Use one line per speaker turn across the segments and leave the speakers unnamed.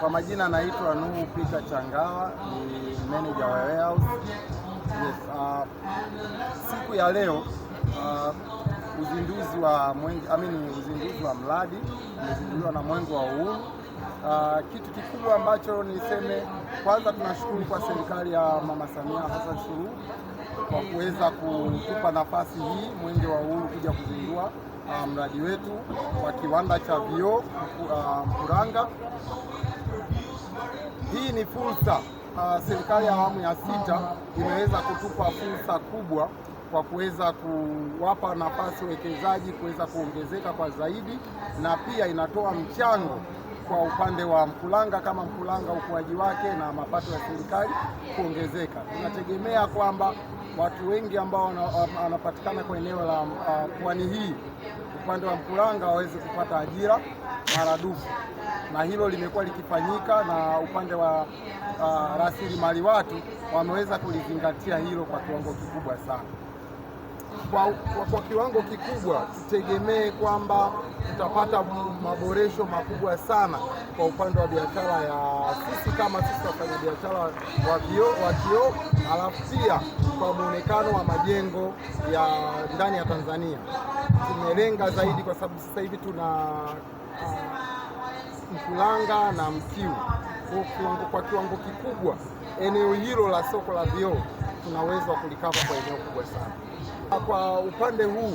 Kwa majina naitwa Nuhu Peter Changawa, ni manager wa warehouse. Yes, uh, siku ya leo uh, uzinduzi wa mwengi, I mean, uzinduzi wa mradi umezinduliwa na Mwenge wa Uhuru. Uh, kitu kikubwa ambacho niseme, kwanza tunashukuru kwa serikali ya Mama Samia Hassan Suluhu kwa kuweza kutupa nafasi hii Mwenge wa Uhuru kuja kuzindua uh, mradi wetu wa kiwanda cha vioo uh, Mkuranga. Uh, hii ni fursa uh, serikali ya awamu ya sita imeweza kutupa fursa kubwa kwa kuweza kuwapa nafasi wekezaji kuweza kuongezeka kwa zaidi, na pia inatoa mchango kwa upande wa Mkuranga kama Mkuranga ukuaji wake na mapato ya serikali kuongezeka. Tunategemea kwamba watu wengi ambao wanapatikana kwa eneo la uh, pwani hii upande wa Mkuranga waweze kupata ajira maradufu, na hilo limekuwa likifanyika na upande wa uh, rasilimali watu wameweza kulizingatia hilo kwa kiwango kikubwa sana kwa, kwa, kwa kiwango kikubwa tutegemee kwamba tutapata maboresho makubwa sana kwa upande wa biashara ya sisi kama sisi wafanya biashara wa kioo, halafu pia kwa mwonekano wa majengo ya ndani ya Tanzania tumelenga zaidi, kwa sababu sasa hivi tuna uh, ah, Mkulanga na Mkiu kiwango, kwa kiwango kikubwa eneo hilo la soko la vioo tunaweza kulikava kwa eneo kubwa sana. Kwa upande huu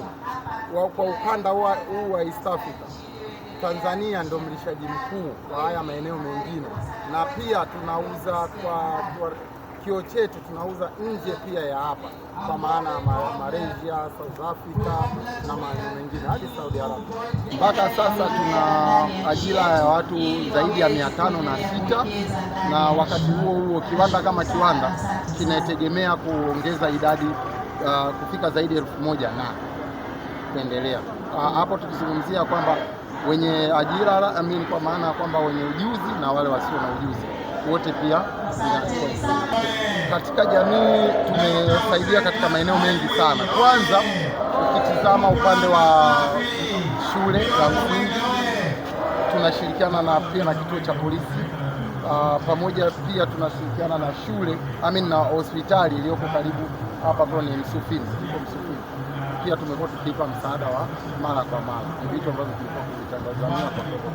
wa, kwa ukanda huu wa East Africa Tanzania ndo mlishaji mkuu kwa haya maeneo mengine, na pia tunauza kwa, kwa kio chetu tunauza nje pia ya hapa, kwa maana ya Malaysia, South Africa na maeneo mengine hadi Saudi Arabia. Mpaka sasa tuna ajira ya watu zaidi ya mia tano na sita na wakati huo huo kiwanda kama kiwanda kinategemea kuongeza idadi uh, kufika zaidi elfu moja na kuendelea. Uh, hapo tukizungumzia kwamba wenye ajira I mean, kwa maana ya kwamba wenye ujuzi na wale wasio na ujuzi wote pia katika jamii tumesaidia katika maeneo mengi sana. Kwanza ukitizama upande wa shule za msingi tunashirikiana na pia na kituo cha polisi uh, pamoja pia tunashirikiana na shule I mean, na hospitali iliyoko karibu hapa ambao ni Msufini, iko Msufini. Pia tumekuwa tukiipa msaada wa mara kwa mara, ni vitu ambavyo tulikuwa kuvitangazania kwa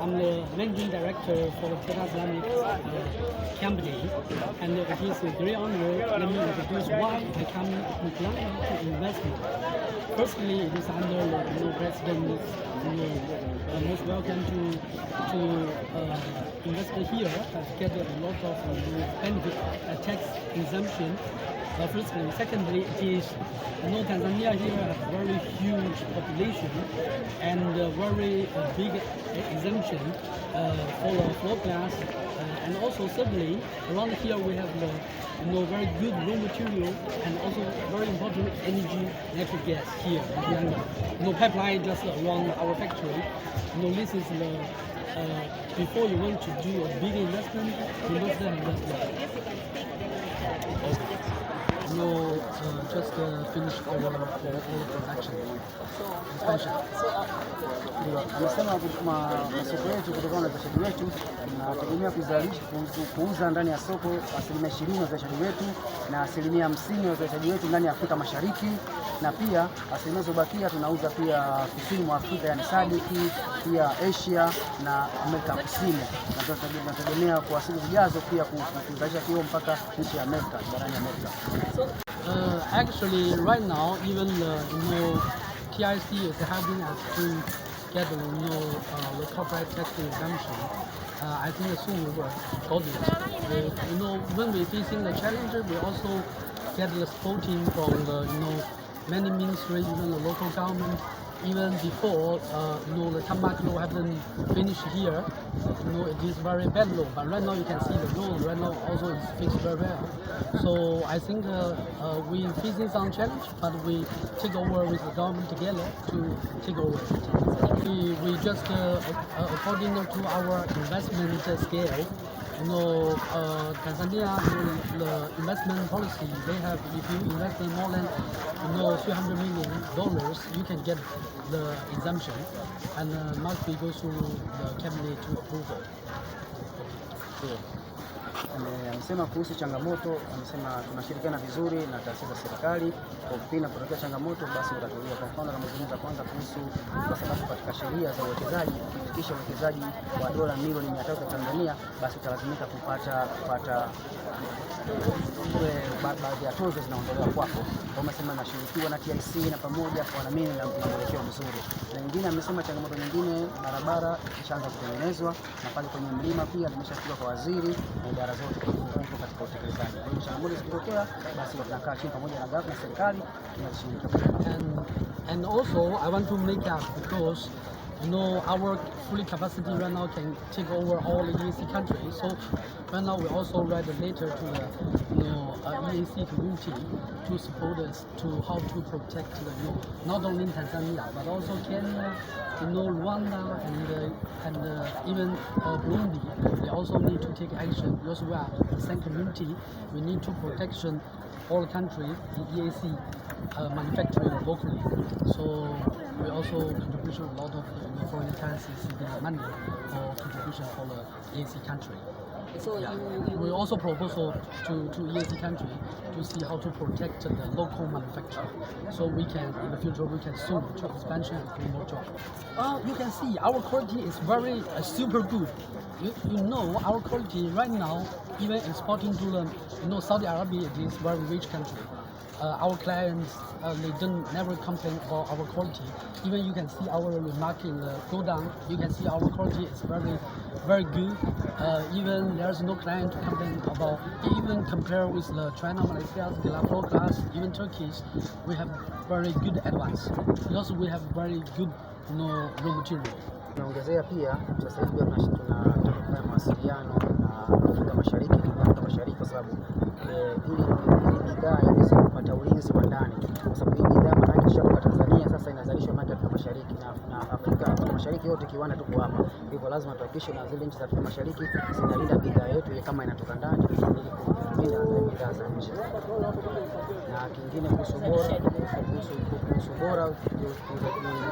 I'm the managing director for the Islamic uh, company, and it uh, is a great honor. Let me introduce why I come to Colombia to invest. Firstly, it is under the uh, you know, president uh, most welcome to to uh, investor here that get a lot of uh, benefit, uh, tax exemption. Uh, firstly, secondly, it is you uh, know Tanzania here has a very huge population and uh, very uh, big exemption. Uh, for the floor plans uh, and also suddenly around here we have the you know, very good raw material and also very important energy natural gas here in know, pipeline just around our factory. You know, this is the uh, before you want to do a big investment, you must have investment. Okay. Oslo uh, um, just uh, finished our, our, our production expansion.
Amesema masoko yetu, kutokana na biashara yetu tunategemea kuuza ndani ya soko asilimia ishirini ya uzalishaji wetu na asilimia hamsini ya uzalishaji wetu ndani ya Afrika Mashariki, na pia asilimia zobakia tunauza pia kusini mwa Afrika, yani sadiki pia Asia na Amerika Kusini, na tunategemea kwa siku zijazo pia kuzalisha kio mpaka nchi ya Amerika, barani Amerika.
actually right now even the you know TIC is helping us to get you know uh, the corporate tax exemption. Uh, I think soon we will got it. Uh, you know when we facing the challenge, we also get the supporting from the you know many ministries, even the local government even before uh, you know, the tobacco law haven't finished here, you know, it is very bad law. But right now you can see the road. right now also is fixed very well. So I think uh, uh, we facing some challenge, but we take over with the government together to take over. We, we just uh, uh according to our investment scale, you know, uh, Tanzania you know, the investment policy they have. If you invest more than you know 300 million dollars, you can get the exemption, and uh, must be go through the cabinet to approval.
Cool. amesema kuhusu changamoto, amesema tunashirikiana vizuri na taasisi za serikali kwa kupinga kutokea changamoto, basi utatulia. Kwa mfano, amezungumza kwanza kuhusu kwa sababu katika sheria za uwekezaji kufikisha uwekezaji wa dola milioni 300 za Tanzania, basi utalazimika kupata kupata baadhi ya tuzo zinaondolewa kwako. Amesema nashirikiwa na TIC na pamoja kwa na mimi na mwelekeo mzuri, na nyingine amesema changamoto nyingine, barabara ishaanza kutengenezwa na pale kwenye mlima pia limeshafikiwa kwa waziri na idara zote katika utekelezaji. hiyo changamoto zikitokea, basi tunakaa chini pamoja na gavana na serikali tunashirikiana.
And also, I want to make up because you know our full capacity right now can take over all the GCC countries. So Right now, we also write a letter to the you know, uh, EAC community to support us to how to protect the you know, not only Tanzania but also Kenya, you know, Rwanda, and uh, and uh, even uh, Burundi. They also need to take action because we are the same community. We need to protection all countries in EAC uh, manufacturing locally. So we also contribute a lot of uh, foreign currencies in money for contribution for the EAC country. So we also proposal to, to EAC country to see how to protect the local manufacturer. So we can, in the future, we can soon to expansion and create more jobs. Uh, you can see our quality is very uh, super good. You, you know our quality right now, even exporting to the, you know, Saudi Arabia is very rich country. Uh, our clients uh, they don't never complain about our quality. Even you can see our remark in the uh, go down, you can see our quality is very very good. Uh, even there's no client to complain about. Even compared with the China, Malaysia, Singapore class, even Turkish, we have very good advice. because we have very good you know, raw material.
Tunaongezea pia sasa hivi tunataka kufanya mawasiliano na Afrika Mashariki na Afrika Mashariki kwa sababu eh, ili bidhaa iweze kupata ulinzi wa ndani, kwa sababu hii bidhaa maanake Tanzania sasa inazalishwa maanake Afrika Mashariki na Afrika Mashariki yote kiwanda tuko hapa kwa lazima tuhakikishe na zile nchi za Afrika Mashariki zinalinda bidhaa yetu ile kama inatoka ndani ili kulinda bidhaa za nchi. Na kingine kuhusu bora, kuhusu bora,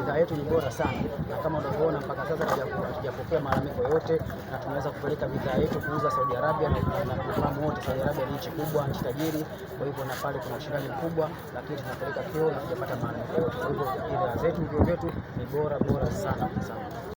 bidhaa yetu ni bora sana, na kama unavyoona mpaka sasa hatujapokea malalamiko yote, na tunaweza kupeleka bidhaa yetu kuuza Saudi Arabia, na kufahamu wote Saudi Arabia ni nchi kubwa, nchi tajiri, kwa hivyo na pale kuna ushindani mkubwa, lakini tunapeleka kio na tujapata malalamiko yote. Kwa hivyo bidhaa zetu, vio vyetu ni bora bora sana sana.